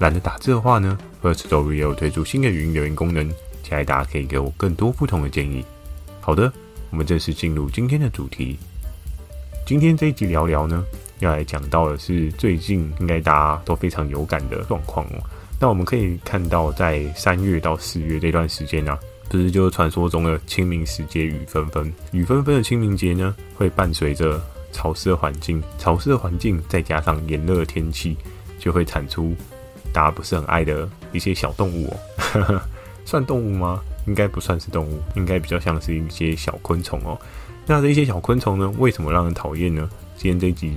懶得打字的話呢 Firstory 也有推出新的語音留言功能，期待大家可以給我更多不同的建議。好的，我們正式進入今天的主題。今天這一集聊聊呢，要來講到的是最近應該大家都非常有感的狀況哦。那我們可以看到，在三月到四月這段時間呢、啊，不、就是就是傳說中的清明時節雨紛紛，雨紛紛的清明節呢，會伴隨着潮濕的環境，潮濕的環境再加上炎熱的天氣，就會產出。大家不是很愛的一些小動物哦， 算動物嗎？應該不算是動物，應該比較像是一些小昆蟲哦。那這些小昆蟲呢，為什麼讓人討厭呢？今天這一集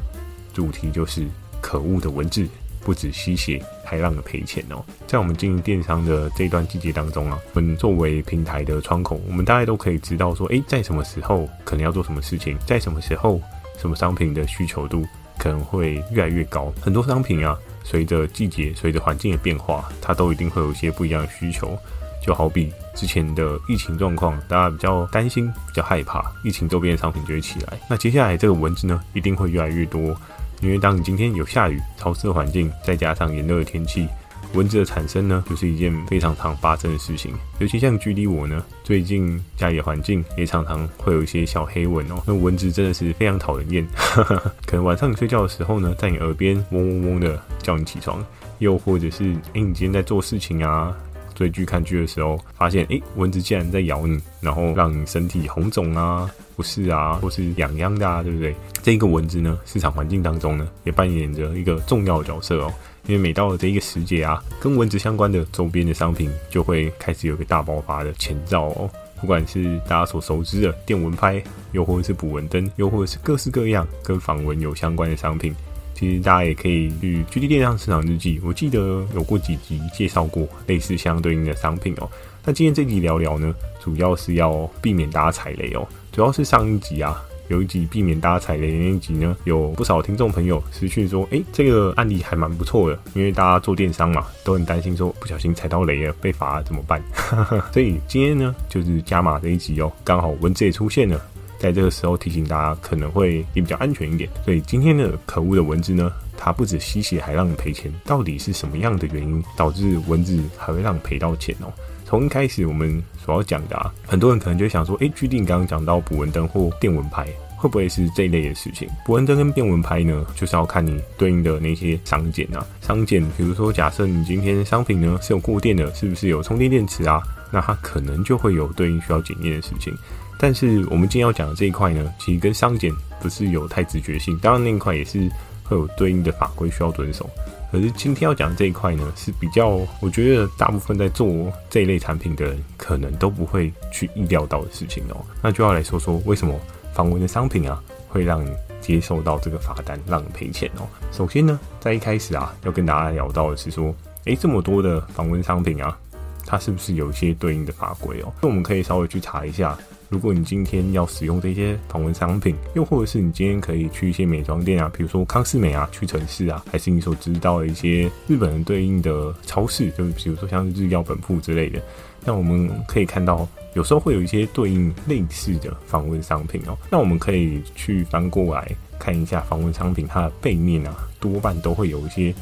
主題就是可惡的蚊子，不只吸血，還讓人賠錢哦。在我們經營電商的這一段季節當中啊，我們作為平台的窗口，我們大家都可以知道說，哎，在什麼時候可能要做什麼事情，在什麼時候什麼商品的需求度可能會越來越高，很多商品啊。隨着季節、隨着環境的變化，它都一定會有一些不一樣的需求。就好比之前的疫情狀況，大家比較擔心、比較害怕，疫情周邊的商品就會起來。那接下來這個蚊子呢，一定會越來越多。因為當你今天有下雨、潮濕的環境，再加上炎熱的天氣，蚊子的產生呢，就是一件非常常發生的事情。尤其像距離我呢，最近家裡的環境也常常會有一些小黑蚊哦、喔，那蚊子真的是非常討人厭。 可能晚上你睡覺的時候呢，在你耳邊嗡嗡嗡的。叫你起床，又或者是誒，你今天在做事情啊，追劇看劇的時候發現誒，蚊子竟然在咬你，然後讓你身體紅腫啊，不適啊，或是癢癢的啊，對不對？這個蚊子呢，市場環境當中呢，也扮演着一個重要的角色哦。因為每到了這一個時節啊，跟蚊子相關的周邊的商品就會開始有一個大爆發的前兆哦。不管是大家所熟知的電蚊拍，又或者是捕蚊燈，又或者是各式各樣跟防蚊有相關的商品。其實大家也可以去《GD 電商市場日記》，我記得有過幾集介紹過類似相對應的商品哦。那今天這一集聊聊呢，主要是要避免大家踩雷哦、喔。主要是上一集啊，有一集避免大家踩雷，那一集呢，有不少聽眾朋友私信說，哎，這個案例還蠻不錯的，因為大家做電商嘛，都很擔心說不小心踩到雷了被罰怎麼辦。哈哈，所以今天呢，就是加碼這一集哦，剛好文字也出現了。在這個時候提醒大家，可能會也比較安全一點。所以今天的可惡的蚊子呢，它不止吸血，還讓你賠錢。到底是什麼樣的原因導致蚊子還會讓你賠到錢哦？從一開始我們所要講的啊，很多人可能就想說，誒、欸，據定剛剛講到補蚊燈或電蚊拍，會不會是這一類的事情？補蚊燈跟電蚊拍呢，就是要看你對應的那些商檢啊。商檢，比如說假設你今天商品呢是有過電的，是不是有充電電池啊？那它可能就會有對應需要檢驗的事情。但是我們今天要講的這一塊呢，其實跟商檢不是有太直覺性，當然那一塊也是會有對應的法規需要遵守。可是今天要講這一塊呢，是比較我覺得大部分在做這一類產品的人，可能都不會去意料到的事情哦、喔。那就要來說說，為什麼防蚊的商品啊，會讓你接受到這個罰單，讓你賠錢哦、喔？首先呢，在一開始啊，要跟大家聊到的是說，誒、欸，這麼多的防蚊商品啊，它是不是有一些對應的法規哦、喔？那我們可以稍微去查一下。如果你今天要使用這些防蚊商品，又或者是你今天可以去一些美妝店啊，比如說康是美啊、屈臣氏啊，還是你所知道的一些日本人對應的超市，就比、是、如說像是日藥本舖之類的，那我們可以看到，有時候會有一些對應類似的防蚊商品哦、喔。那我們可以去翻過來看一下防蚊商品它的背面啊，多半都會有一些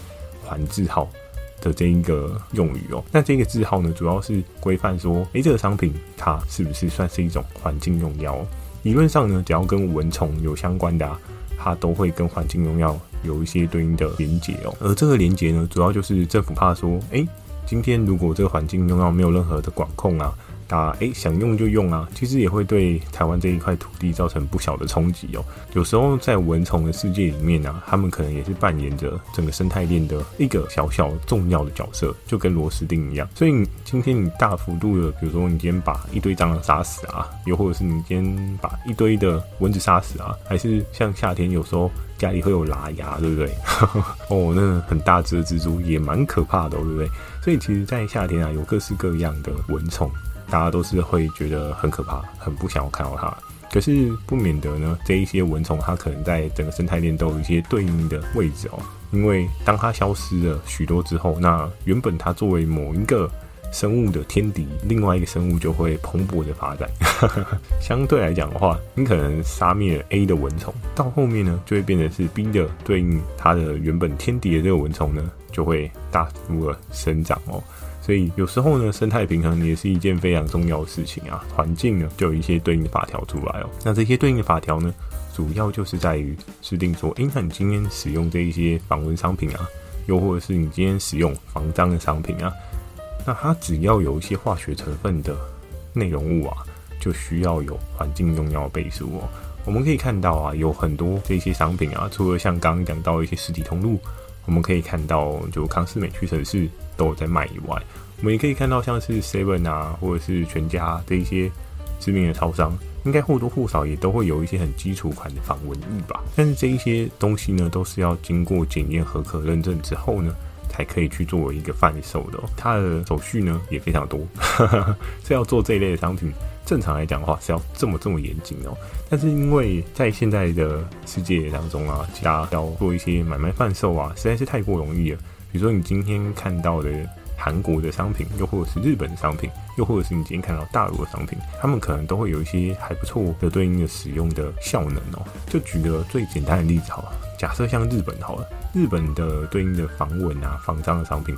環字號的這一個用語哦，那這個字號呢，主要是規範說，哎，這個商品它是不是算是一種環境用藥哦？理論上呢，只要跟蚊蟲有相關的啊，它都會跟環境用藥有一些對應的連結哦。而這個連結呢，主要就是政府怕說，哎，今天如果這個環境用藥沒有任何的管控啊。打哎，想用就用啊！其實也會對台灣這一塊土地造成不小的衝擊哦。有時候在蚊蟲的世界裡面呢、啊，他們可能也是扮演着整個生態鏈的一個小小重要的角色，就跟螺絲釘一樣。所以今天你大幅度的，比如說你今天把一堆蟑螂殺死啊，又或者是你今天把一堆的蚊子殺死啊，還是像夏天有時候家裡會有喇牙，對不對？ 哦，那個、很大隻的蜘蛛也蠻可怕的哦，對不對？所以其實，在夏天啊，有各式各樣的蚊蟲。大家都是會覺得很可怕，很不想要看到它。可是不免得呢，這一些蚊蟲它可能在整個生態鏈都有一些對應的位置哦。因為當它消失了許多之後，那原本它作為某一個生物的天敵，另外一個生物就會蓬勃的發展。 相對來講的話，你可能殺滅了 A 的蚊蟲，到後面呢，就會變成是 B 的對應它的原本天敵的這個蚊蟲呢，就會大幅的生長哦。所以有時候呢，生態平衡也是一件非常重要的事情啊。環境呢，就有一些對應的法條出來哦。那這些對應的法條呢，主要就是在於制定說：哎、欸，那你今天使用這一些防蚊商品啊，又或者是你今天使用防蟑的商品啊，那它只要有一些化學成分的內容物啊，就需要有環境用藥的背書哦。我們可以看到啊，有很多這些商品啊，除了像剛剛講到一些實體通路，我們可以看到，就康斯美、屈臣氏。都有在賣以外，我們也可以看到像是 Seven 啊，或者是全家啊，這一些知名的超商，應該或多或少也都會有一些很基礎款的防蚊液吧。但是這一些東西呢，都是要經過檢驗合格認證之後呢，才可以去作為一個販售的喔。它的手續呢也非常多，哈哈哈，是要做這一類的商品，正常來講的話是要這麼這麼嚴謹哦。但是因為在現在的世界當中啊，其他要做一些買賣販售啊，實在是太過容易了。比如說，你今天看到的韓國的商品，又或者是日本的商品，又或者是你今天看到大陸的商品，他們可能都會有一些還不錯的對應的使用的效能哦、喔。就舉個最簡單的例子好了，假設像日本好了，日本的對應的防蚊啊、防蟑的商品，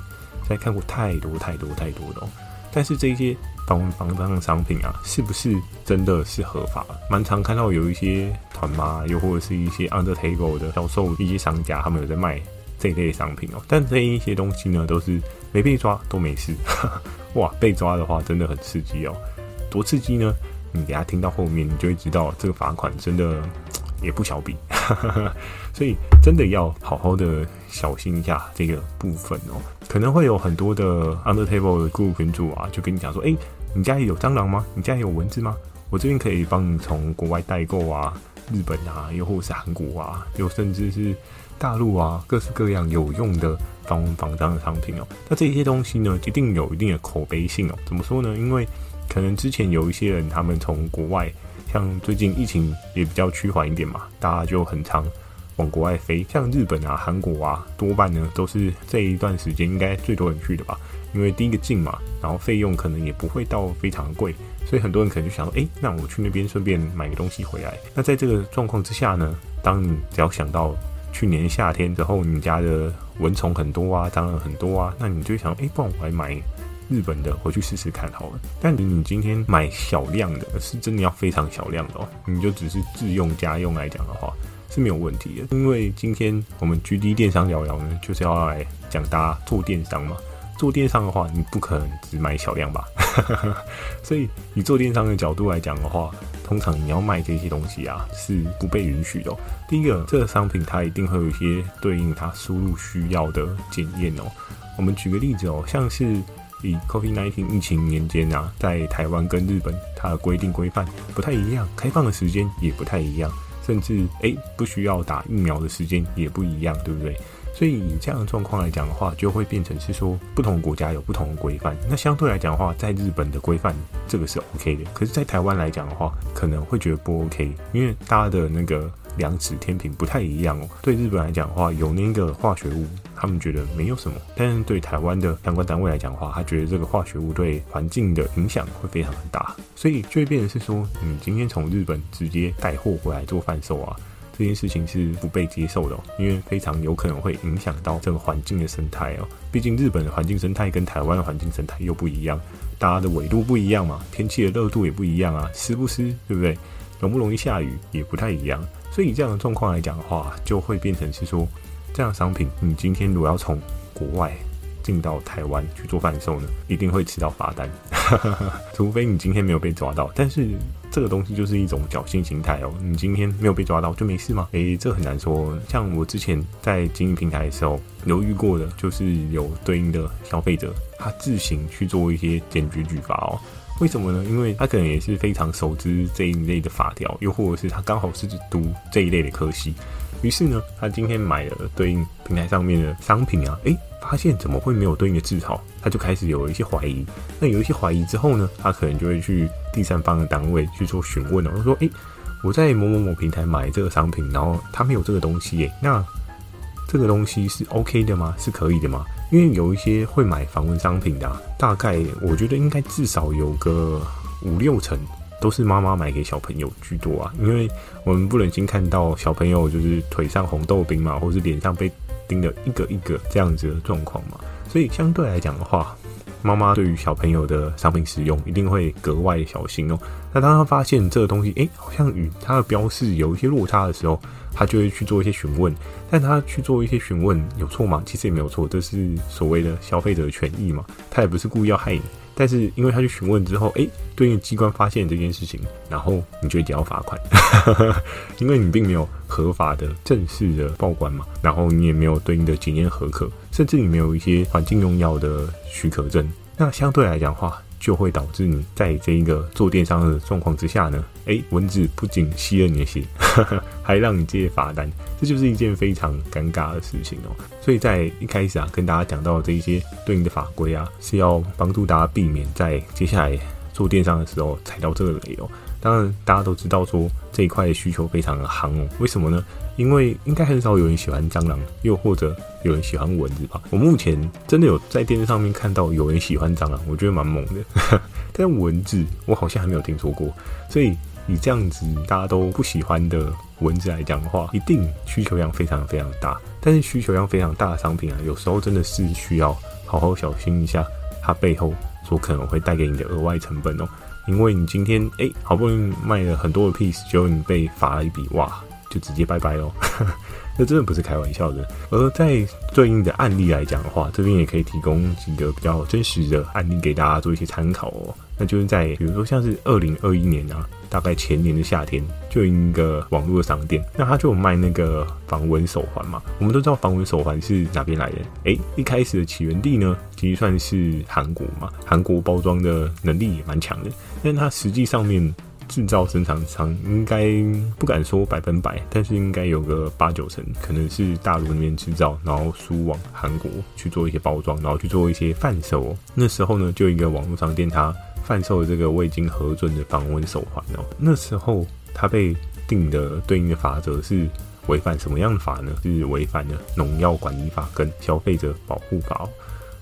在看過太多太多太多了、喔。但是這些防蚊、防蟑的商品啊，是不是真的是合法？蠻常看到有一些團媽，又或者是一些 Under Table 的銷售一些商家，他們有在賣。這類商品哦，但這一些東西呢，都是沒被抓都沒事， 哇，被抓的話真的很刺激哦，多刺激呢！你等下聽到後面，你就會知道這個罰款真的也不小筆， 所以真的要好好的小心一下這個部分哦。可能會有很多的 under table 的顧客跟注啊，就跟你講說，哎，你家裡有蟑螂嗎？你家裡有蚊子嗎？我這邊可以幫你從國外代購啊，日本啊，又或者是韓國啊，又甚至是。大陸啊，各式各樣有用的防蚊防蟑的商品哦。那這些東西呢，一定有一定的口碑性哦。怎麼說呢？因為可能之前有一些人，他們從國外，像最近疫情也比較趨緩一點嘛，大家就很常往國外飛。像日本啊、韓國啊，多半呢都是這一段時間應該最多人去的吧。因為第一個近嘛，然後費用可能也不會到非常貴，所以很多人可能就想說：“哎、欸，那我去那邊順便買個東西回來。”那在這個狀況之下呢，當你只要想到。去年夏天之後，你家的蚊蟲很多啊，蟑螂很多啊，那你就會想，哎、欸，不然我來買日本的回去試試看好了。但你今天買小量的是真的要非常小量的哦，你就只是自用家用來講的話是沒有問題的，因為今天我們 GD 電商聊聊呢，就是要來講大家做電商嘛，做電商的話，你不可能只買小量吧。 所以，以做電商的角度來講的話，通常你要賣這些東西啊，是不被允許的哦。第一個，這個商品它一定會有一些對應它輸入需要的檢驗哦。我們舉個例子哦，像是以 COVID-19 疫情年間啊，在台灣跟日本，它的規定規範不太一樣，開放的時間也不太一樣，甚至，誒，欸，不需要打疫苗的時間也不一樣，對不對？所以以這樣的狀況來講的話，就會變成是說不同國家有不同的規範。那相對來講的話，在日本的規範這個是 OK 的，可是，在台灣來講的話，可能會覺得不 OK，因為大家的那個量尺天平不太一樣哦。對日本來講的話，有那個化學物，他們覺得沒有什麼，但是對台灣的相關單位來講的話，他覺得這個化學物對環境的影響會非常很大。所以就會變成是說，你、嗯、今天從日本直接帶貨回來做販售啊，這件事情是不被接受的哦，因為非常有可能會影響到整個環境的生態哦。畢竟日本的環境生態跟台灣的環境生態又不一樣，大家的緯度不一樣嘛，天氣的熱度也不一樣啊，濕不濕對不對？容不容易下雨也不太一樣。所以,以這樣的狀況來講的話，就會變成是說，這樣的商品你今天如果要從國外進到台灣去做販售的時候呢，一定會吃到罰單。 除非你今天沒有被抓到，但是這個東西就是一種僥倖心態哦。你今天沒有被抓到就沒事嗎？誒，這很難說。像我之前在經營平台的時候，留意過的就是有對應的消費者，他自行去做一些檢舉舉發哦。為什麼呢？因為他可能也是非常熟知這一類的法條，又或者是他剛好是讀這一類的科系。於是呢，他今天買了對應平台上面的商品啊，哎、欸，發現怎麼會沒有對應的字號？他就開始有一些懷疑。那有一些懷疑之後呢，他可能就會去第三方的單位去做詢問他、喔就是、說，哎、欸，我在某某某平台買這個商品，然後他沒有這個東西耶、欸，那這個東西是 OK 的嗎？是可以的嗎？因為有一些會買防蚊商品的、啊，大概我覺得應該至少有個五六成，都是媽媽買給小朋友居多啊，因為我們不忍心看到小朋友就是腿上紅豆冰嘛，或是臉上被叮得一個一個這樣子的狀況嘛，所以相對來講的話，媽媽對於小朋友的商品使用一定會格外小心哦、喔。那當他發現這個東西，誒、欸，好像與他的標示有一些落差的時候，他就會去做一些詢問。但他去做一些詢問有錯嗎？其實也沒有錯，這是所謂的消費者權益嘛。他也不是故意要害你。但是，因為他去詢問之後，哎，對應機關發現這件事情，然後你就得要罰款，哈哈哈，因為你並沒有合法的正式的報關嘛，然後你也沒有對應的檢驗合格，甚至你沒有一些環境用藥的許可證，那相對來講的話，就會導致你在這一個做電商的狀況之下呢。誒、欸，蚊子不僅吸了你的血，呵呵還讓你接罰單，這就是一件非常尷尬的事情哦、喔。所以在一開始啊，跟大家講到這一些對應的法規啊，是要幫助大家避免在接下來做電商的時候踩到這個雷哦、喔。當然，大家都知道說這一塊需求非常的夯哦、喔。為什麼呢？因為應該很少有人喜歡蟑螂，又或者有人喜歡蚊子吧？我目前真的有在電視上面看到有人喜歡蟑螂，我覺得蠻猛的呵呵。但蚊子，我好像還沒有聽說過，所以。以這樣子大家都不喜歡的蚊子來講的話，一定需求量非常非常大。但是需求量非常大的商品啊，有時候真的是需要好好小心一下，它背後所可能會帶給你的額外成本哦、喔。因為你今天誒、欸、好不容易賣了很多的 piece，結果你被罰了一筆哇，就直接拜拜嘍。那真的不是開玩笑的。而在對應的案例來講的話，這邊也可以提供幾個比較真實的案例給大家做一些參考哦、喔。那就是在比如說像是二零二一年啊，大概前年的夏天，就有一個網絡商店，那它就有賣那個防蚊手環嘛。我們都知道防蚊手環是哪邊來的？誒，一開始的起源地呢，其實算是韓國嘛。韓國包裝的能力也蠻強的，但它實際上面制造生產商應該不敢說百分百，但是應該有個八九成可能是大陸那邊制造，然後輸往韓國去做一些包裝，然後去做一些販售。喔。那時候呢，就有一個網絡商店它。販售的這個未經核准的防蚊手環哦、喔，那時候他被定的對應的罰則是違反什麼樣的法呢？是違反了農藥管理法跟消費者保護法哦、喔。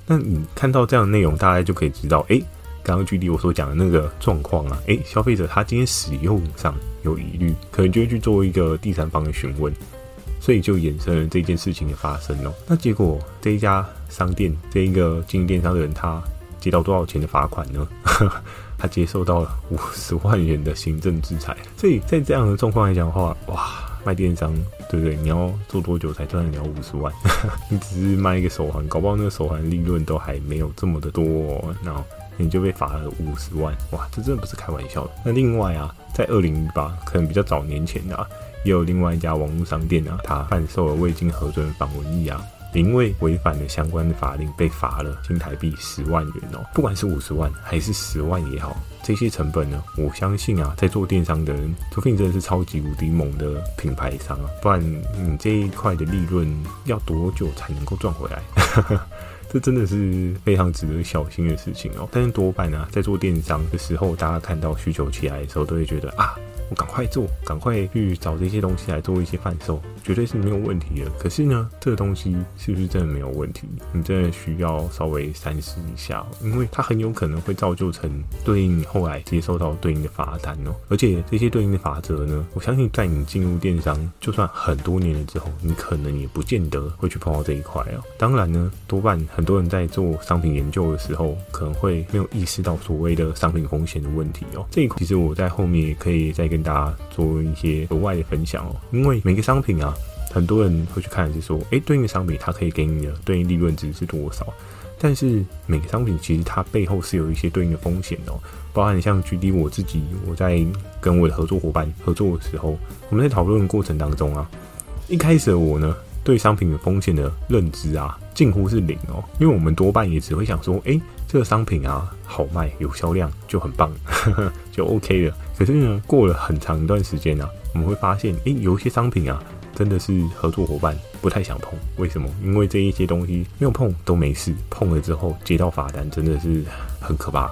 那你看到這樣的內容，大家就可以知道，哎、欸，剛剛舉例我所講的那個狀況啊，哎、欸，消費者他今天使用上有疑慮，可能就會去做一個第三方的詢問，所以就衍生了這件事情的發生哦、喔。那結果這一家商店這一個經營電商的人他。接到多少錢的罰款呢？ 他接受到了五十萬元的行政制裁。所以在這樣的狀況來講的話，哇，賣電商，對不對？你要做多久才賺得了五十萬？ 你只是賣一個手環，搞不好那個手環利潤都還沒有這麼的多哦，然後你就被罰了五十萬，哇，這真的不是開玩笑的。那另外啊，在二零一八可能比較早年前啊，也有另外一家網絡商店啊，他販售了未經核准的防蚊液啊。因為違反了相關的法令，被罰了新台幣十萬元哦。不管是五十萬還是十萬也好，這些成本呢，我相信啊，在做電商的人，除非你真的是超級無敵猛的品牌商啊，不然你這一塊的利潤要多久才能夠賺回來？ 這真的是非常值得小心的事情哦。但是多半啊，在做電商的時候，大家看到需求起來的時候，都會覺得啊。我趕快做，趕快去找這些東西來做一些販售，絕對是沒有問題的。可是呢，這個東西是不是真的沒有問題？你真的需要稍微三思一下哦，因為它很有可能會造就成對應你後來接收到對應的罰單哦。而且這些對應的法則呢，我相信在你進入電商就算很多年了之後，你可能也不見得會去碰到這一塊哦。當然呢，多半很多人在做商品研究的時候，可能會沒有意識到所謂的商品風險的問題哦。這一塊其實我在後面也可以再跟。跟大家做一些額外的分享哦，因為每個商品啊，很多人會去看，是說，哎，對應的商品它可以給你的對應利潤值是多少？但是每個商品其實它背後是有一些對應的風險哦，包含像舉例我自己，我在跟我的合作夥伴合作的時候，我們在討論的過程當中啊，一開始我呢對商品的風險的認知啊，近乎是零哦，因為我們多半也只會想說，哎，這個商品啊好賣，有銷量就很棒， 就 OK 了。可是呢，過了很長一段時間啊，我們會發現，誒、欸、有一些商品啊，真的是合作夥伴不太想碰。為什麼？因為這一些東西沒有碰都沒事，碰了之後接到罰單真的是很可怕，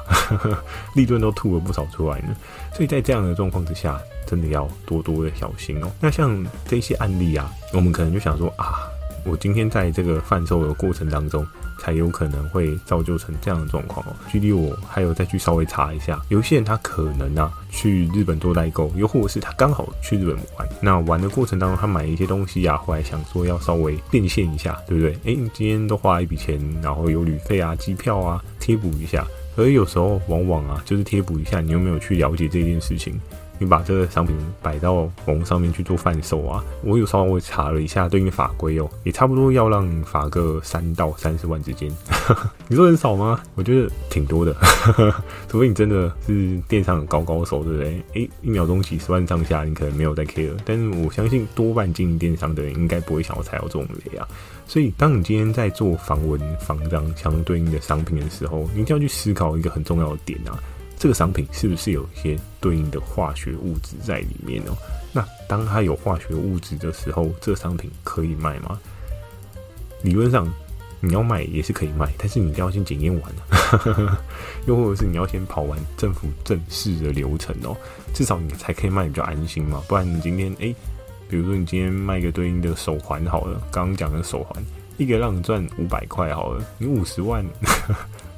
利 潤都吐了不少出來呢。所以在這樣的狀況之下，真的要多多的小心哦。那像這些案例啊，我們可能就想說啊，我今天在這個販售的過程當中，才有可能會造就成這樣的狀況哦。距離我還有再去稍微查一下，有些人他可能啊去日本做代購，又或者是他剛好去日本玩，那玩的過程當中他買一些東西啊，後來想說要稍微變現一下，對不對？誒、欸，你今天都花一筆錢，然後有旅費啊、機票啊貼補一下，而有時候往往啊就是貼補一下，你有沒有去了解這件事情。你把這個商品擺到網上面去做販售啊，我有稍微查了一下對應法規哦，也差不多要讓你罰個三到三十萬之間。 你說很少嗎？我覺得挺多的， 除非你真的是電商高高手，對不對？誒、欸、一秒鐘幾十萬上下，你可能沒有在 care，但是我相信多半經營電商的人應該不會想要踩到這種雷啊。所以，當你今天在做防蚊、防蟑相對應的商品的時候，你一定要去思考一個很重要的點啊。這個商品是不是有一些對應的化學物質在裡面哦？那當它有化學物質的時候，這個、商品可以賣嗎？理論上，你要賣也是可以賣，但是你一定要先檢驗完、啊、 又或者是你要先跑完政府正式的流程哦，至少你才可以賣比較安心嘛。不然你今天哎，比如說你今天賣個對應的手環好了，剛剛講的手環，一個讓你賺五百塊好了，你五十萬。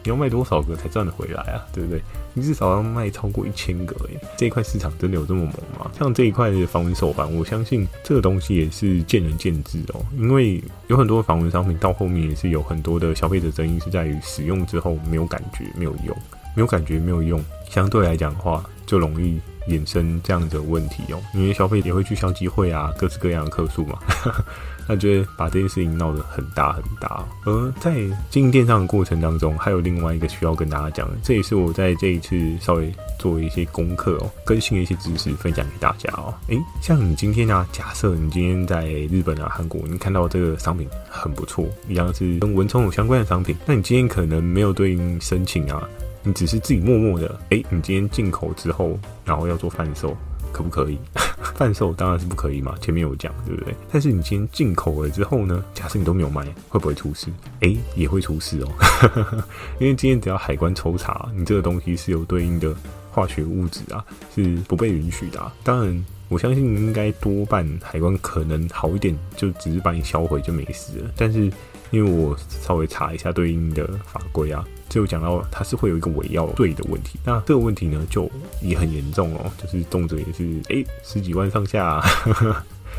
你要賣多少個才賺得回來啊？對不對？你至少要賣超過一千個誒，這一塊市場真的有這麼猛嗎？像這一塊的防蚊手環，我相信這個東西也是見仁見智哦、喔。因為有很多的防蚊商品到後面也是有很多的消費者爭議是在於使用之後沒有感覺、沒有用、沒有感覺、沒有用。相對來講的話，就容易。衍生這樣的問題哦、喔，因為消費者會去消基會啊，各式各樣的客訴嘛，呵呵，那就會把這件事情鬧得很大很大，喔。而、呃、在經營電商的過程當中，還有另外一個需要跟大家講的，這也是我在這一次稍微做一些功課哦、喔，更新一些知識分享給大家哦、喔。誒、欸，像你今天啊，假設你今天在日本啊、韓國，你看到這個商品很不錯，一樣是跟蚊蟲有相關的商品，那你今天可能沒有對應申請啊。你只是自己默默的，誒，你今天進口之後，然後要做販售，可不可以？ 販售當然是不可以嘛，前面有講，對不對？但是你今天進口了之後呢，假設你都沒有賣，會不會出事？誒，也會出事哦， 因為今天只要海關抽查，你這個東西是有對應的化學物質啊，是不被允許的啊。當然，我相信應該多半海關可能好一點，就只是把你銷毀就沒事了。但是因為我稍微查一下對應的法規啊。就講到它是會有一個尾腰對的問題，那這個問題呢就也很嚴重哦，就是動輒也是哎、欸、十幾萬上下、啊，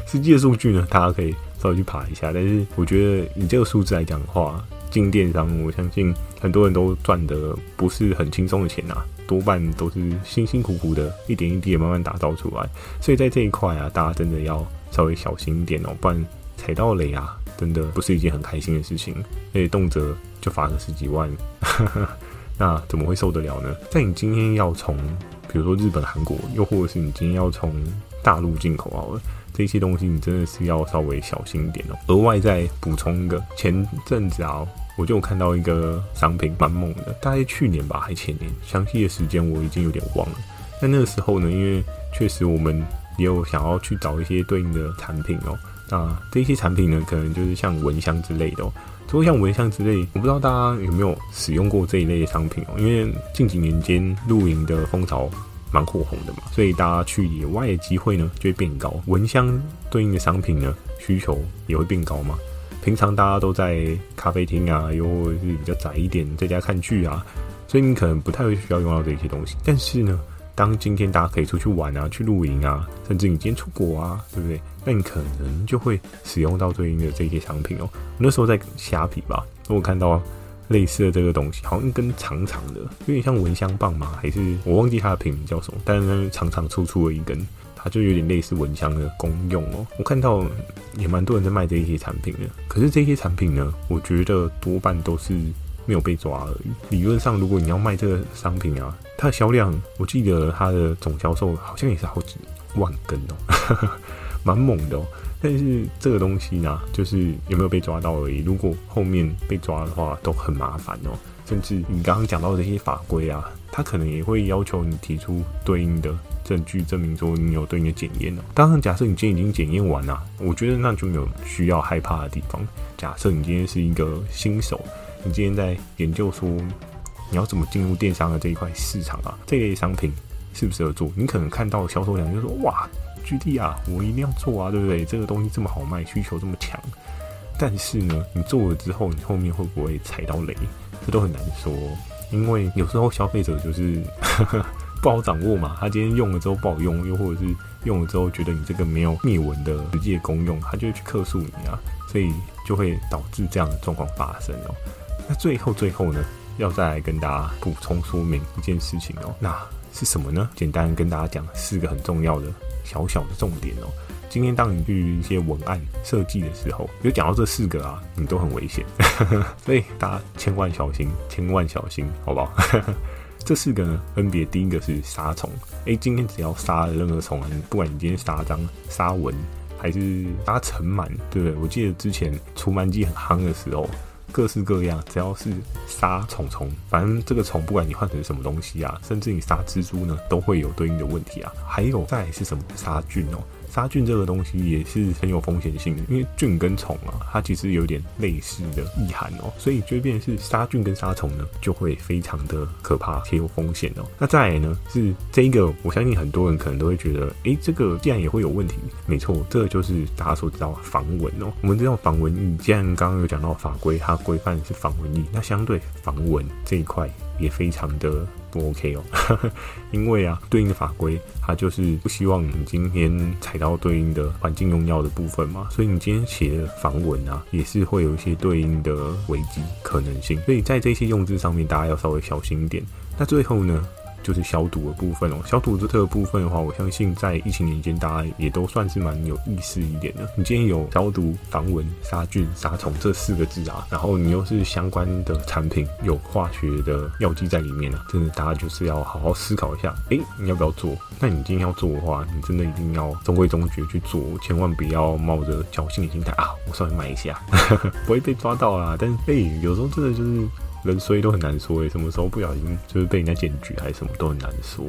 實際的數據呢大家可以稍微去爬一下。但是我覺得以這個數字來講的話，進電商我相信很多人都賺的不是很輕鬆的錢吶、啊，多半都是辛辛苦苦的一點一滴的慢慢打造出來，所以在這一塊啊，大家真的要稍微小心一點哦，不然……踩到雷啊，真的不是一件很開心的事情。所以動輒就罰個十幾萬， 那怎麼會受得了呢？但你今天要從，比如說日本、韓國，又或者是你今天要從大陸進口啊，這些東西，你真的是要稍微小心一點哦。額外再補充一個，前陣子啊、哦，我就有看到一個商品蠻猛的，大概去年吧，還前年，詳細的時間我已經有點忘了。但那個時候呢，因為確實我們也有想要去找一些對應的產品哦。那這些產品呢，可能就是像蚊香之類的喔。除了像蚊香之類，我不知道大家有沒有使用過這一類的商品喔。因為近幾年間露營的風潮蠻火紅的嘛，所以大家去野外的機會呢就會變高，蚊香對應的商品呢需求也會變高嘛。平常大家都在咖啡廳啊，又或是比較宅一點，在家看劇啊，所以你可能不太會需要用到這些東西。但是呢，當今天大家可以出去玩啊，去露營啊，甚至你今天出國啊，對不對？那你可能就會使用到對應的這些產品哦、喔。我那時候在蝦皮吧，我看到類似的這個東西，好像一根長長的，有點像蚊香棒嘛，還是我忘記它的品名叫什麼，但是那個長長粗粗的一根，它就有點類似蚊香的功用哦、喔。我看到也蠻多人在賣這些產品的，可是這些產品呢，我覺得多半都是。沒有被抓而已。理論上，如果你要賣這個商品啊，它的銷量，我記得它的總銷售好像也是好幾萬根哦，蠻 猛的哦。但是這個東西呢，就是有沒有被抓到而已。如果後面被抓的話，都很麻煩哦。甚至你剛剛講到的這些法規啊，它可能也會要求你提出對應的證據，證明說你有對應的檢驗哦。當然，假設你今天已經檢驗完了啊，我覺得那就沒有需要害怕的地方。假設你今天是一個新手。你今天在研究說，你要怎麼進入電商的這一塊市場啊？這類商品適不適合做？你可能看到銷售量，就說哇，巨地啊，我一定要做啊，對不對？這個東西這麼好賣，需求這麼強。但是呢，你做了之後，你後面會不會踩到雷？這都很難說，因為有時候消費者就是 不好掌握嘛。他今天用了之後不好用，又或者是用了之後覺得你這個沒有滅蚊的實際的功用，他就會去客訴你啊，所以就會導致這樣的狀況發生哦。那最後最後呢，要再來跟大家補充說明一件事情哦。那是什麼呢？簡單跟大家講四個很重要的小小的重點哦。今天當你去一些文案設計的時候，有講到這四個啊，你都很危險， 所以大家千萬小心，千萬小心，好不好？ 這四個呢，分別第一個是殺蟲。哎、欸，今天只要殺了任何蟲，不管你今天殺蟑、殺蚊還是殺塵蟎，對不對？我記得之前除蟎機很夯的時候。各式各樣，只要是殺蟲蟲，反正這個蟲不管你換成什麼東西啊，甚至你殺蜘蛛呢，都會有對應的問題啊。還有再來是什麼殺菌哦？殺菌這個東西也是很有風險性的，因為菌跟蟲啊，它其實有點類似的意涵哦，所以就變是殺菌跟殺蟲呢，就會非常的可怕，且有風險哦。那再來呢，是這一個，我相信很多人可能都會覺得，哎，這個既然也會有問題，沒錯，這個就是大家所知道的防蚊哦。我們知道防蚊液，既然剛剛有講到法規，它規範是防蚊液，那相對防蚊這一塊。也非常的不 OK 哦， 因為啊，對應的法規它就是不希望你今天踩到對應的環境用藥的部分嘛，所以你今天寫的防蚊啊，也是會有一些對應的危機可能性，所以在這些用字上面，大家要稍微小心一點。那最後呢，就是消毒的部分哦。消毒這個部分的話，我相信在疫情年間，大家也都算是蠻有意思一點的。你今天有消毒、防蚊、殺菌、殺蟲這四個字啊，然後你又是相關的產品，有化學的藥劑在裡面啊，真的，大家就是要好好思考一下，哎，你要不要做？那你今天要做的話，你真的一定要中規中矩去做，千萬不要冒着僥幸的心態啊，我稍微買一下， 不會被抓到啦。但是哎，有時候真的就是。所以都很難說誒，什麼時候不小心就是被人家檢舉還是什麼，都很難說。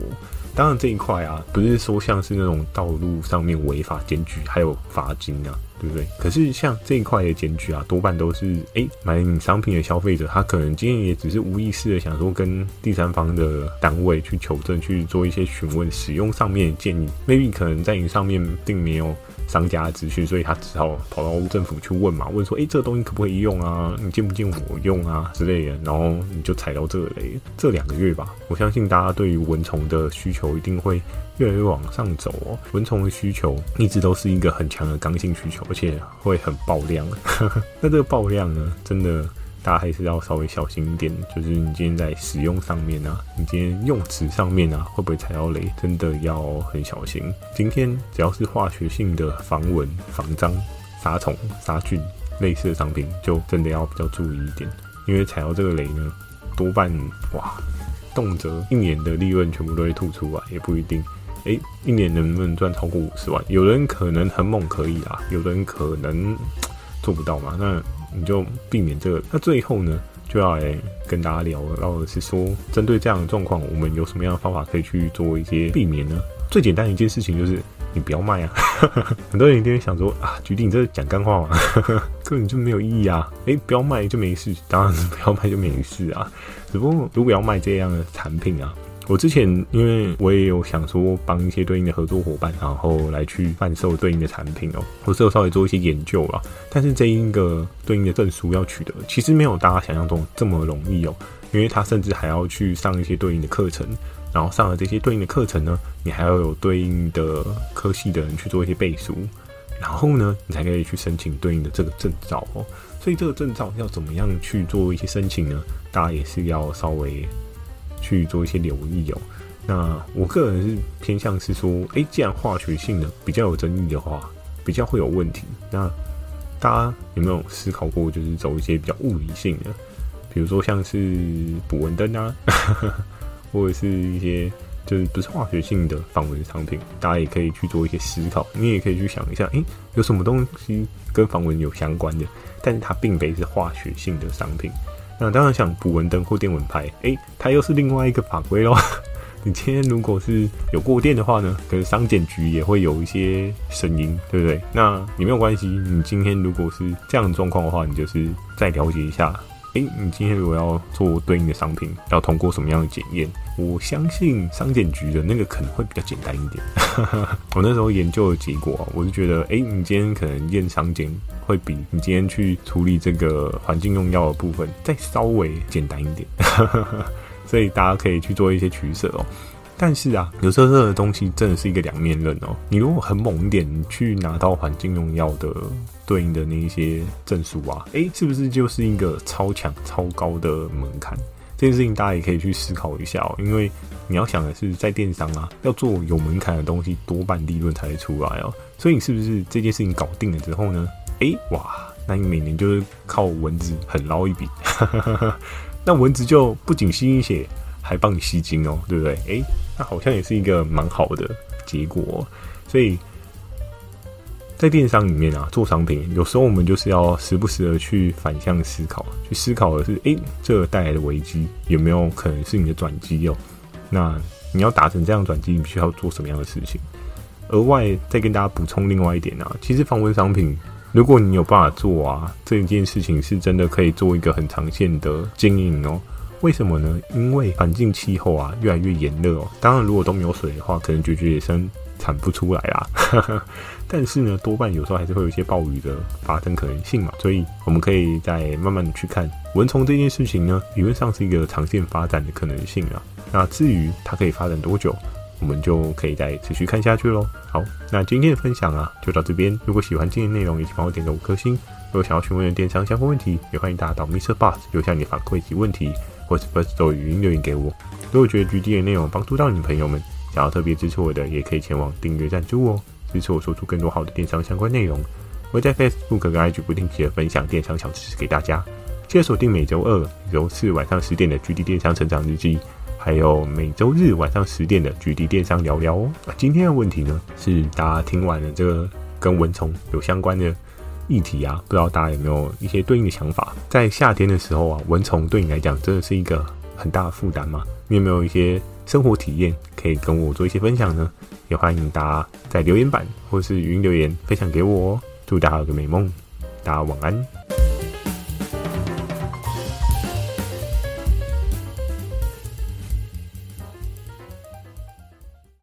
當然這一塊啊，不是說像是那種道路上面違法檢舉還有罰金啊，對不對？可是像這一塊的檢舉啊，多半都是誒、欸，買你商品的消費者，他可能今天也只是無意識的想說，跟第三方的單位去求證去做一些詢問，使用上面的建議，maybe 可能在你上面並沒有。商家的資訊，所以他只好跑到政府去問嘛，問說，哎、欸，這個東西可不可以用啊？你見不見我用啊之類的。然後你就踩到這裡。這兩個月吧，我相信大家對於蚊蟲的需求一定會越來越往上走哦。蚊蟲的需求一直都是一個很強的剛性需求，而且會很爆量。 那這個爆量呢，真的。大家還是要稍微小心一點，就是你今天在使用上面啊，你今天用詞上面啊，會不會踩到雷？真的要很小心。今天只要是化學性的防蚊、防蟑、殺蟲、殺菌類似的商品，就真的要比較注意一點，因為踩到這個雷呢，多半哇，動輒一年的利潤全部都會吐出啊，也不一定。誒、欸，一年能不能賺超過五十萬？有人可能很猛可以啊，有人可能做不到嘛，那。你就避免這個。那最後呢，就要來跟大家聊了，然後是說針對這樣的狀況，我們有什麼樣的方法可以去做一些避免呢？最簡單的一件事情就是你不要賣啊！ 很多人天天想說啊，GD 你這是講幹話嗎？根本 你就沒有意義啊！哎、欸，不要賣就沒事，當然是不要賣就沒事啊。只不過如果要賣這樣的產品啊。我之前因為我也有想說幫一些對應的合作夥伴，然後來去販售對應的產品哦，我是有稍微做一些研究了。但是這一個對應的證書要取得，其實沒有大家想象中這麼容易哦，因為他甚至還要去上一些對應的課程，然後上了這些對應的課程呢，你還要有對應的科系的人去做一些背書，然後呢，你才可以去申請對應的這個證照哦。所以這個證照要怎麼樣去做一些申請呢？大家也是要稍微。去做一些留意哦。那我個人是偏向是說，誒、欸，既然化學性的比較有爭議的話，比較會有問題。那大家有沒有思考過，就是走一些比較物理性的，比如說像是捕蚊燈啊呵呵，或者是一些就是不是化學性的防蚊商品？大家也可以去做一些思考。你也可以去想一下，誒、欸，有什麼東西跟防蚊有相關的，但是它並非是化學性的商品。那當然想捕蚊燈或電蚊拍，誒、欸，它又是另外一個法規咯 你今天如果是有過電的話呢，可能商檢局也會有一些聲音，對不對？那也沒有關係，你今天如果是這樣的狀況的話，你就是再了解一下。哎，你今天如果要做對應的商品，要通過什麼樣的檢驗？我相信商檢局的那個可能會比較簡單一點。 我那時候研究的結果，我就覺得，哎，你今天可能驗商檢會比你今天去處理這個環境用藥的部分再稍微簡單一點， 所以大家可以去做一些取捨哦。但是啊，有時候這個的東西真的是一個兩面刃哦、喔。你如果很猛一點，你去拿到環境用藥的對應的那一些證書啊，誒、欸，是不是就是一個超強超高的門檻？這件事情大家也可以去思考一下哦、喔。因為你要想的是，在電商啊，要做有門檻的東西，多半利潤才會出來哦、喔。所以，你是不是這件事情搞定了之後呢？誒、欸，哇，那你每年就是靠蚊子很撈一筆， 那蚊子就不僅吸血，還幫你吸金哦、喔，對不對？誒、欸。那、啊、好像也是一個蠻好的結果，哦，所以在電商裡面啊，做商品有時候我們就是要時不時的去反向思考，去思考的是，誒、欸，這帶來的危機有沒有可能是你的轉機哦？那你要達成這樣轉機，你需要做什麼樣的事情？額外再跟大家補充另外一點啊，其實防蚊商品，如果你有辦法做啊，這一件事情是真的可以做一個很長線的經營哦。為什麼呢？因為環境氣候啊，越來越炎熱哦、喔。當然，如果都沒有水的話，可能孑孓也生產不出來啊。 但是呢，多半有時候還是會有一些暴雨的發生可能性嘛。所以，我們可以再慢慢的去看蚊蟲這件事情呢，理論上是一個長線發展的可能性啊。那至於它可以發展多久，我們就可以再持續看下去嘍。好，那今天的分享啊，就到這邊。如果喜歡今天內容，也請幫我點個五顆星。如果想要詢問的電商相關問題，也歡迎大家到 Mister Boss 留下你的反饋及問題。或是 Firstory 語音留言給我。如果覺得 G D 的內容幫助到你的朋友們，想要特別支持我的，也可以前往訂閱贊助哦，支持我說出更多好的電商相關內容。我在 Facebook 跟 IG 不定期的分享電商小知識給大家。接着鎖定每周二、周四晚上十點的 G D 電商成長日記，還有每周日晚上十點的 G D 電商聊聊哦。啊，今天的問題呢，是大家聽完了這個跟蚊蟲有相關的議題啊，不知道大家有沒有一些對應的想法？在夏天的時候啊，蚊蟲對你來講真的是一個很大的負擔嗎？你有沒有一些生活體驗可以跟我做一些分享呢？也歡迎大家在留言版、或是語音留言分享給我哦。祝大家有個美夢，大家晚安。